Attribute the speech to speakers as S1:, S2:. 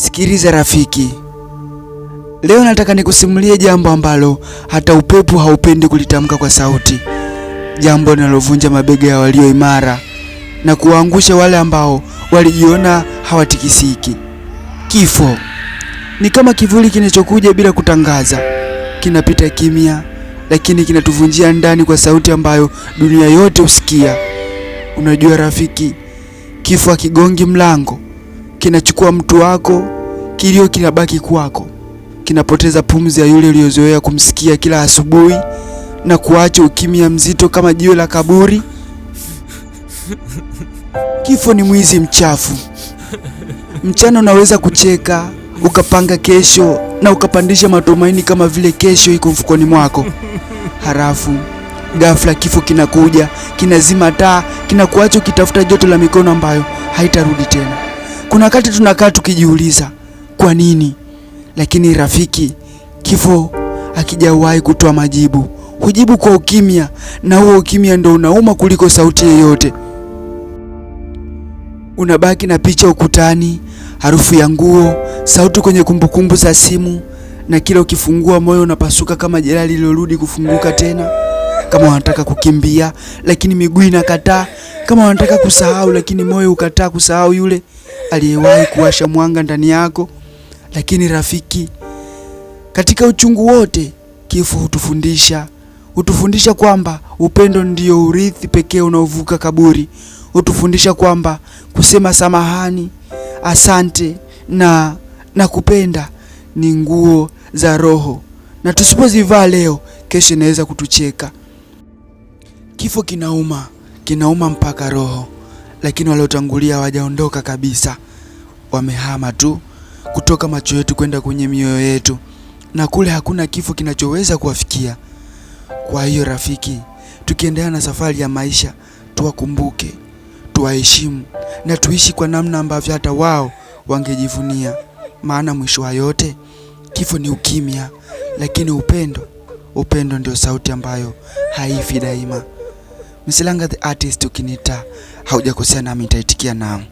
S1: Sikiliza rafiki, leo nataka nikusimulie jambo ambalo hata upepo haupendi kulitamka kwa sauti, jambo linalovunja mabega ya walio imara na kuwaangusha wale ambao walijiona hawatikisiki. Kifo ni kama kivuli kinachokuja bila kutangaza, kinapita kimya, lakini kinatuvunjia ndani kwa sauti ambayo dunia yote husikia. Unajua rafiki, kifo hakigongi mlango kinachukua mtu wako, kilio kinabaki kwako, kinapoteza pumzi ya yule uliyozoea kumsikia kila asubuhi na kuacha ukimya mzito kama jiwe la kaburi. Kifo ni mwizi mchafu. Mchana unaweza kucheka ukapanga kesho na ukapandisha matumaini kama vile kesho iko mfukoni mwako, halafu ghafla kifo kinakuja, kinazima taa, kinakuacha ukitafuta joto la mikono ambayo haitarudi tena. Kuna wakati tunakaa tukijiuliza kwa nini, lakini rafiki, kifo akijawahi kutoa majibu. Hujibu kwa ukimya, na huo ukimya ndio unauma kuliko sauti yoyote. Unabaki na picha ukutani, harufu ya nguo, sauti kwenye kumbukumbu za simu, na kila ukifungua moyo unapasuka kama jeraha lililorudi kufunguka tena. Kama wanataka kukimbia, lakini miguu inakataa. Kama wanataka kusahau, lakini moyo ukataa kusahau yule aliyewahi kuwasha mwanga ndani yako. Lakini rafiki, katika uchungu wote, kifo hutufundisha hutufundisha kwamba upendo ndio urithi pekee unaovuka kaburi. Hutufundisha kwamba kusema samahani, asante na nakupenda ni nguo za roho, na tusipozivaa leo, kesho inaweza kutucheka. Kifo kinauma, kinauma mpaka roho lakini waliotangulia hawajaondoka kabisa, wamehama tu kutoka macho yetu kwenda kwenye mioyo yetu, na kule hakuna kifo kinachoweza kuwafikia. Kwa hiyo rafiki, tukiendelea na safari ya maisha, tuwakumbuke, tuwaheshimu na tuishi kwa namna ambavyo hata wao wangejivunia, maana mwisho wa yote kifo ni ukimya, lakini upendo, upendo ndio sauti ambayo haifi daima. Misilanga the artist, ukinita haujakosea nami nitaitikia nao.